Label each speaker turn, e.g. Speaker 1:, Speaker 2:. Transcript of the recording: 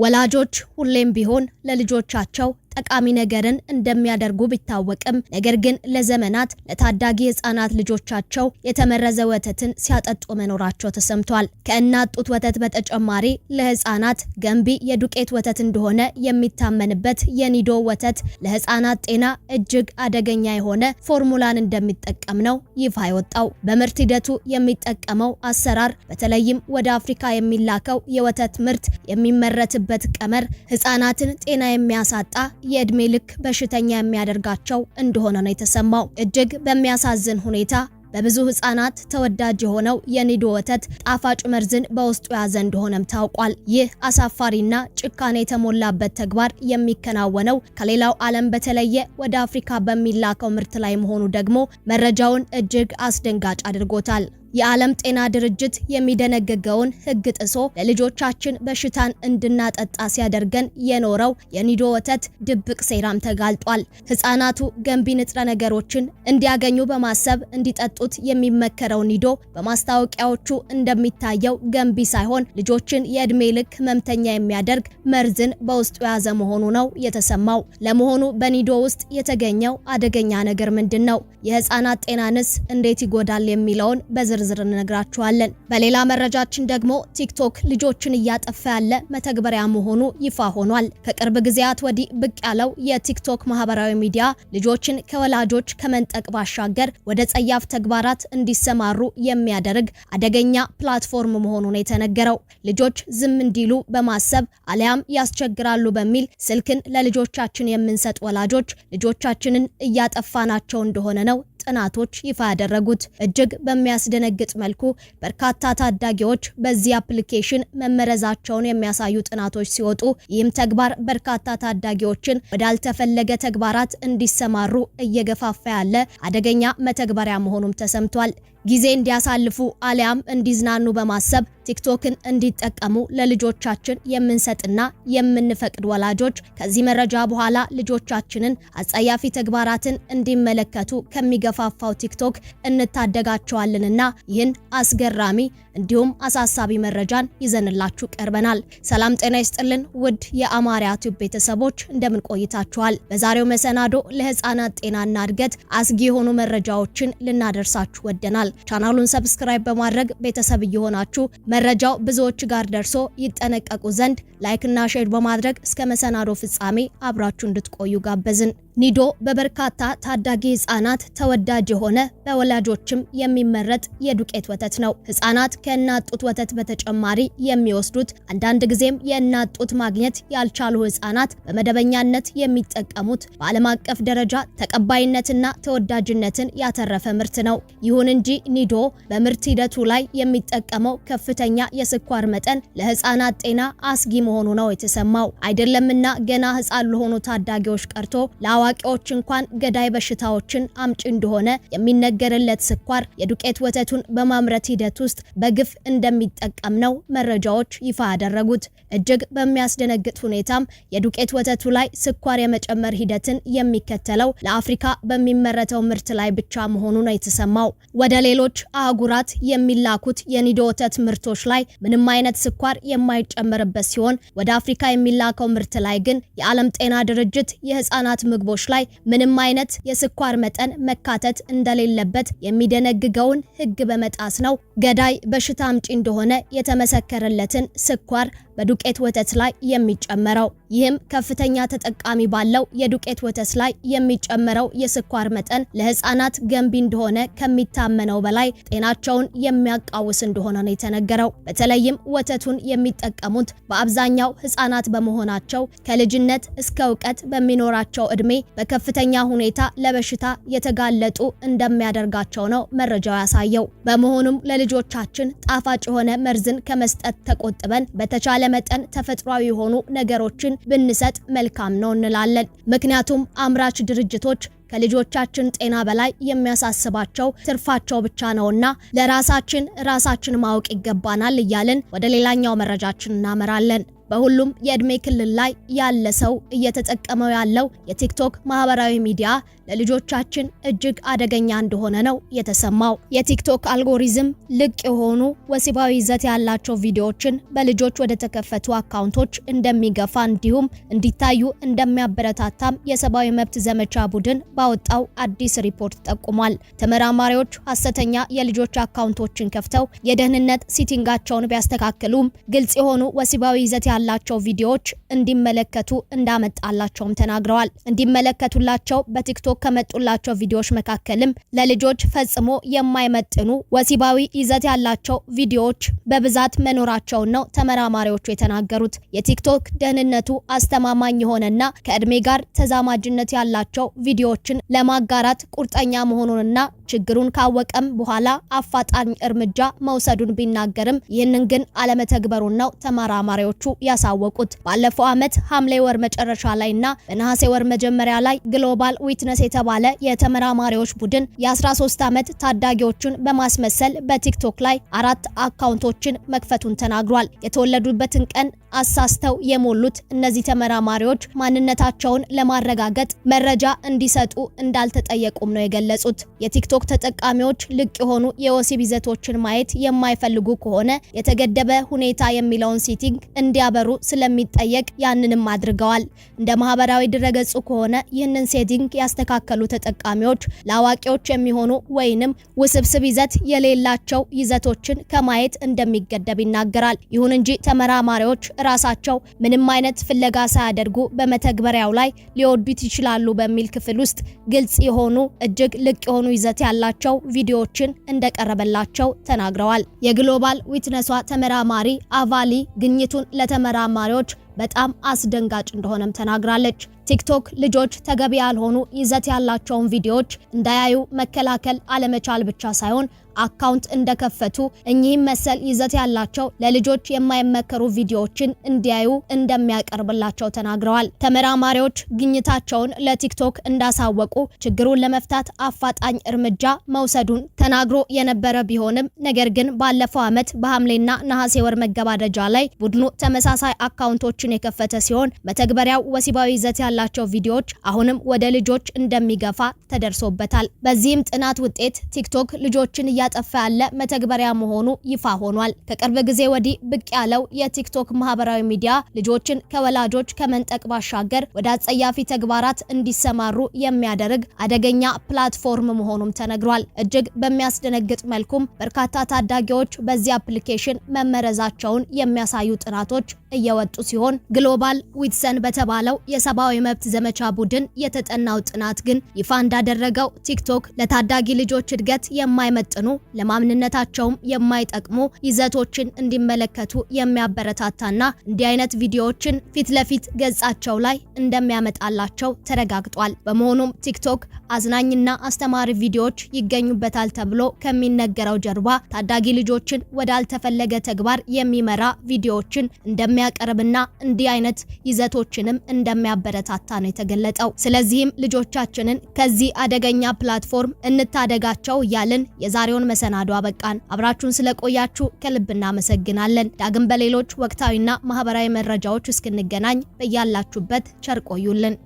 Speaker 1: ወላጆች ሁሌም ቢሆን ለልጆቻቸው ጠቃሚ ነገርን እንደሚያደርጉ ቢታወቅም ነገር ግን ለዘመናት ለታዳጊ ህጻናት ልጆቻቸው የተመረዘ ወተትን ሲያጠጡ መኖራቸው ተሰምቷል። ከእናት ጡት ወተት በተጨማሪ ለህጻናት ገንቢ የዱቄት ወተት እንደሆነ የሚታመንበት የኒዶ ወተት ለህጻናት ጤና እጅግ አደገኛ የሆነ ፎርሙላን እንደሚጠቀም ነው ይፋ የወጣው። በምርት ሂደቱ የሚጠቀመው አሰራር በተለይም ወደ አፍሪካ የሚላከው የወተት ምርት የሚመረትበት ቀመር ህጻናትን ጤና የሚያሳጣ የእድሜ ልክ በሽተኛ የሚያደርጋቸው እንደሆነ ነው የተሰማው። እጅግ በሚያሳዝን ሁኔታ በብዙ ህጻናት ተወዳጅ የሆነው የኒዶ ወተት ጣፋጭ መርዝን በውስጡ የያዘ እንደሆነም ታውቋል። ይህ አሳፋሪና ጭካኔ የተሞላበት ተግባር የሚከናወነው ከሌላው ዓለም በተለየ ወደ አፍሪካ በሚላከው ምርት ላይ መሆኑ ደግሞ መረጃውን እጅግ አስደንጋጭ አድርጎታል። የዓለም ጤና ድርጅት የሚደነግገውን ሕግ ጥሶ ለልጆቻችን በሽታን እንድናጠጣ ሲያደርገን የኖረው የኒዶ ወተት ድብቅ ሴራም ተጋልጧል። ሕፃናቱ ገንቢ ንጥረ ነገሮችን እንዲያገኙ በማሰብ እንዲጠጡት የሚመከረው ኒዶ በማስታወቂያዎቹ እንደሚታየው ገንቢ ሳይሆን ልጆችን የዕድሜ ልክ ህመምተኛ የሚያደርግ መርዝን በውስጡ የያዘ መሆኑ ነው የተሰማው። ለመሆኑ በኒዶ ውስጥ የተገኘው አደገኛ ነገር ምንድን ነው? የህፃናት ጤናንስ እንዴት ይጎዳል? የሚለውን በዝር በዝርዝር እንነግራችኋለን። በሌላ መረጃችን ደግሞ ቲክቶክ ልጆችን እያጠፋ ያለ መተግበሪያ መሆኑ ይፋ ሆኗል። ከቅርብ ጊዜያት ወዲህ ብቅ ያለው የቲክቶክ ማህበራዊ ሚዲያ ልጆችን ከወላጆች ከመንጠቅ ባሻገር ወደ ጸያፍ ተግባራት እንዲሰማሩ የሚያደርግ አደገኛ ፕላትፎርም መሆኑን የተነገረው ልጆች ዝም እንዲሉ በማሰብ አሊያም ያስቸግራሉ በሚል ስልክን ለልጆቻችን የምንሰጥ ወላጆች ልጆቻችንን እያጠፋናቸው እንደሆነ ነው ጥናቶች ይፋ ያደረጉት። እጅግ በሚያስደነግጥ መልኩ በርካታ ታዳጊዎች በዚህ አፕሊኬሽን መመረዛቸውን የሚያሳዩ ጥናቶች ሲወጡ ይህም ተግባር በርካታ ታዳጊዎችን ወዳልተፈለገ ተግባራት እንዲሰማሩ እየገፋፋ ያለ አደገኛ መተግበሪያ መሆኑም ተሰምቷል። ጊዜ እንዲያሳልፉ አሊያም እንዲዝናኑ በማሰብ ቲክቶክን እንዲጠቀሙ ለልጆቻችን የምንሰጥና የምንፈቅድ ወላጆች ከዚህ መረጃ በኋላ ልጆቻችንን አጸያፊ ተግባራትን እንዲመለከቱ ከሚገፋፋው ቲክቶክ እንታደጋቸዋለንና ይህን አስገራሚ እንዲሁም አሳሳቢ መረጃን ይዘንላችሁ ቀርበናል። ሰላም ጤና ይስጥልን ውድ የአማርያ ቲዩብ ቤተሰቦች እንደምን ቆይታችኋል? በዛሬው መሰናዶ ለህፃናት ጤናና እድገት አስጊ የሆኑ መረጃዎችን ልናደርሳችሁ ወደናል። ቻናሉን ሰብስክራይብ በማድረግ ቤተሰብ እየሆናችሁ መረጃው ብዙዎች ጋር ደርሶ ይጠነቀቁ ዘንድ ላይክና ሼር በማድረግ እስከ መሰናዶ ፍጻሜ አብራችሁ እንድትቆዩ ጋበዝን። ኒዶ በበርካታ ታዳጊ ህጻናት ተወዳጅ የሆነ በወላጆችም የሚመረጥ የዱቄት ወተት ነው። ህጻናት ከእናት ጡት ወተት በተጨማሪ የሚወስዱት አንዳንድ ጊዜም የእናት ጡት ማግኘት ያልቻሉ ህጻናት በመደበኛነት የሚጠቀሙት በዓለም አቀፍ ደረጃ ተቀባይነትና ተወዳጅነትን ያተረፈ ምርት ነው። ይሁን እንጂ ኒዶ በምርት ሂደቱ ላይ የሚጠቀመው ከፍተኛ የስኳር መጠን ለህጻናት ጤና አስጊ መሆኑ ነው የተሰማው። አይደለምና ገና ህጻን ለሆኑ ታዳጊዎች ቀርቶ አዋቂዎች እንኳን ገዳይ በሽታዎችን አምጪ እንደሆነ የሚነገርለት ስኳር የዱቄት ወተቱን በማምረት ሂደት ውስጥ በግፍ እንደሚጠቀም ነው መረጃዎች ይፋ ያደረጉት። እጅግ በሚያስደነግጥ ሁኔታም የዱቄት ወተቱ ላይ ስኳር የመጨመር ሂደትን የሚከተለው ለአፍሪካ በሚመረተው ምርት ላይ ብቻ መሆኑ ነው የተሰማው። ወደ ሌሎች አህጉራት የሚላኩት የኒዶ ወተት ምርቶች ላይ ምንም አይነት ስኳር የማይጨመርበት ሲሆን ወደ አፍሪካ የሚላከው ምርት ላይ ግን የዓለም ጤና ድርጅት የህፃናት ምግቦ ምግቦች ላይ ምንም አይነት የስኳር መጠን መካተት እንደሌለበት የሚደነግገውን ሕግ በመጣስ ነው ገዳይ በሽታ አምጪ እንደሆነ የተመሰከረለትን ስኳር በዱቄት ወተት ላይ የሚጨመረው። ይህም ከፍተኛ ተጠቃሚ ባለው የዱቄት ወተት ላይ የሚጨመረው የስኳር መጠን ለህፃናት ገንቢ እንደሆነ ከሚታመነው በላይ ጤናቸውን የሚያቃውስ እንደሆነ ነው የተነገረው። በተለይም ወተቱን የሚጠቀሙት በአብዛኛው ህፃናት በመሆናቸው ከልጅነት እስከ እውቀት በሚኖራቸው እድሜ በከፍተኛ ሁኔታ ለበሽታ የተጋለጡ እንደሚያደርጋቸው ነው መረጃው ያሳየው። በመሆኑም ለልጆቻችን ጣፋጭ የሆነ መርዝን ከመስጠት ተቆጥበን በተቻለ መጠን ተፈጥሯዊ የሆኑ ነገሮችን ብንሰጥ መልካም ነው እንላለን። ምክንያቱም አምራች ድርጅቶች ከልጆቻችን ጤና በላይ የሚያሳስባቸው ትርፋቸው ብቻ ነውና ለራሳችን ራሳችን ማወቅ ይገባናል እያልን ወደ ሌላኛው መረጃችን እናመራለን። በሁሉም የእድሜ ክልል ላይ ያለ ሰው እየተጠቀመው ያለው የቲክቶክ ማህበራዊ ሚዲያ ለልጆቻችን እጅግ አደገኛ እንደሆነ ነው የተሰማው። የቲክቶክ አልጎሪዝም ልቅ የሆኑ ወሲባዊ ይዘት ያላቸው ቪዲዮዎችን በልጆች ወደ ተከፈቱ አካውንቶች እንደሚገፋ እንዲሁም እንዲታዩ እንደሚያበረታታም የሰብአዊ መብት ዘመቻ ቡድን ባወጣው አዲስ ሪፖርት ጠቁሟል። ተመራማሪዎች ሀሰተኛ የልጆች አካውንቶችን ከፍተው የደህንነት ሲቲንጋቸውን ቢያስተካክሉም ግልጽ የሆኑ ወሲባዊ ይዘት ያላቸው ቪዲዮዎች እንዲመለከቱ እንዳመጣላቸውም ተናግረዋል። እንዲመለከቱላቸው በቲክቶክ ከመጡላቸው ቪዲዮዎች መካከልም ለልጆች ፈጽሞ የማይመጥኑ ወሲባዊ ይዘት ያላቸው ቪዲዮዎች በብዛት መኖራቸውን ነው ተመራማሪዎቹ የተናገሩት። የቲክቶክ ደህንነቱ አስተማማኝ የሆነና ከእድሜ ጋር ተዛማጅነት ያላቸው ቪዲዮዎችን ለማጋራት ቁርጠኛ መሆኑንና ችግሩን ካወቀም በኋላ አፋጣኝ እርምጃ መውሰዱን ቢናገርም ይህንን ግን አለመተግበሩን ነው ተመራማሪዎቹ ያሳወቁት ባለፈው ዓመት ሐምሌ ወር መጨረሻ ላይ እና በነሐሴ ወር መጀመሪያ ላይ ግሎባል ዊትነስ የተባለ የተመራማሪዎች ቡድን የ13 ዓመት ታዳጊዎቹን በማስመሰል በቲክቶክ ላይ አራት አካውንቶችን መክፈቱን ተናግሯል። የተወለዱበትን ቀን አሳስተው የሞሉት እነዚህ ተመራማሪዎች ማንነታቸውን ለማረጋገጥ መረጃ እንዲሰጡ እንዳልተጠየቁም ነው የገለጹት። የቲክቶክ ተጠቃሚዎች ልቅ የሆኑ የወሲብ ይዘቶችን ማየት የማይፈልጉ ከሆነ የተገደበ ሁኔታ የሚለውን ሴቲንግ እንዲያበሩ ስለሚጠየቅ ያንንም አድርገዋል። እንደ ማህበራዊ ድረገጹ ከሆነ ይህንን ሴቲንግ ያስተካከሉ ተጠቃሚዎች ለአዋቂዎች የሚሆኑ ወይንም ውስብስብ ይዘት የሌላቸው ይዘቶችን ከማየት እንደሚገደብ ይናገራል። ይሁን እንጂ ተመራማሪዎች ራሳቸው ምንም አይነት ፍለጋ ሳያደርጉ በመተግበሪያው ላይ ሊወዱት ይችላሉ በሚል ክፍል ውስጥ ግልጽ የሆኑ እጅግ ልቅ የሆኑ ይዘት ያላቸው ቪዲዮዎችን እንደቀረበላቸው ተናግረዋል። የግሎባል ዊትነሷ ተመራማሪ አቫሊ ግኝቱን ለተመራማሪዎች በጣም አስደንጋጭ እንደሆነም ተናግራለች። ቲክቶክ ልጆች ተገቢ ያልሆኑ ይዘት ያላቸውን ቪዲዮዎች እንዳያዩ መከላከል አለመቻል ብቻ ሳይሆን አካውንት እንደከፈቱ እኚህም መሰል ይዘት ያላቸው ለልጆች የማይመከሩ ቪዲዮዎችን እንዲያዩ እንደሚያቀርብላቸው ተናግረዋል። ተመራማሪዎች ግኝታቸውን ለቲክቶክ እንዳሳወቁ ችግሩን ለመፍታት አፋጣኝ እርምጃ መውሰዱን ተናግሮ የነበረ ቢሆንም ነገር ግን ባለፈው ዓመት በሐምሌና ነሐሴ ወር መገባደጃ ላይ ቡድኑ ተመሳሳይ አካውንቶችን የከፈተ ሲሆን መተግበሪያው ወሲባዊ ይዘት ያላቸው ቪዲዮዎች አሁንም ወደ ልጆች እንደሚገፋ ተደርሶበታል። በዚህም ጥናት ውጤት ቲክቶክ ልጆችን እያጠፋ ያለ መተግበሪያ መሆኑ ይፋ ሆኗል። ከቅርብ ጊዜ ወዲህ ብቅ ያለው የቲክቶክ ማህበራዊ ሚዲያ ልጆችን ከወላጆች ከመንጠቅ ባሻገር ወደ አጸያፊ ተግባራት እንዲሰማሩ የሚያደርግ አደገኛ ፕላትፎርም መሆኑም ተነግሯል። እጅግ በሚያስደነግጥ መልኩም በርካታ ታዳጊዎች በዚህ አፕሊኬሽን መመረዛቸውን የሚያሳዩ ጥናቶች እየወጡ ሲሆን ግሎባል ዊትሰን በተባለው የሰብአዊ የመብት ዘመቻ ቡድን የተጠናው ጥናት ግን ይፋ እንዳደረገው ቲክቶክ ለታዳጊ ልጆች እድገት የማይመጥኑ ለማንነታቸውም የማይጠቅሙ ይዘቶችን እንዲመለከቱ የሚያበረታታና እንዲህ አይነት ቪዲዮዎችን ፊት ለፊት ገጻቸው ላይ እንደሚያመጣላቸው ተረጋግጧል። በመሆኑም ቲክቶክ አዝናኝና አስተማሪ ቪዲዮዎች ይገኙበታል ተብሎ ከሚነገረው ጀርባ ታዳጊ ልጆችን ወዳልተፈለገ ተግባር የሚመራ ቪዲዮዎችን እንደሚያቀርብና እንዲህ አይነት ይዘቶችንም እንደሚያበረታ እንደሚያበረታታ ነው የተገለጠው። ስለዚህም ልጆቻችንን ከዚህ አደገኛ ፕላትፎርም እንታደጋቸው እያልን የዛሬውን መሰናዶ አበቃን። አብራችሁን ስለቆያችሁ ከልብ እናመሰግናለን። ዳግም በሌሎች ወቅታዊና ማህበራዊ መረጃዎች እስክንገናኝ በያላችሁበት ቸር ቆዩልን።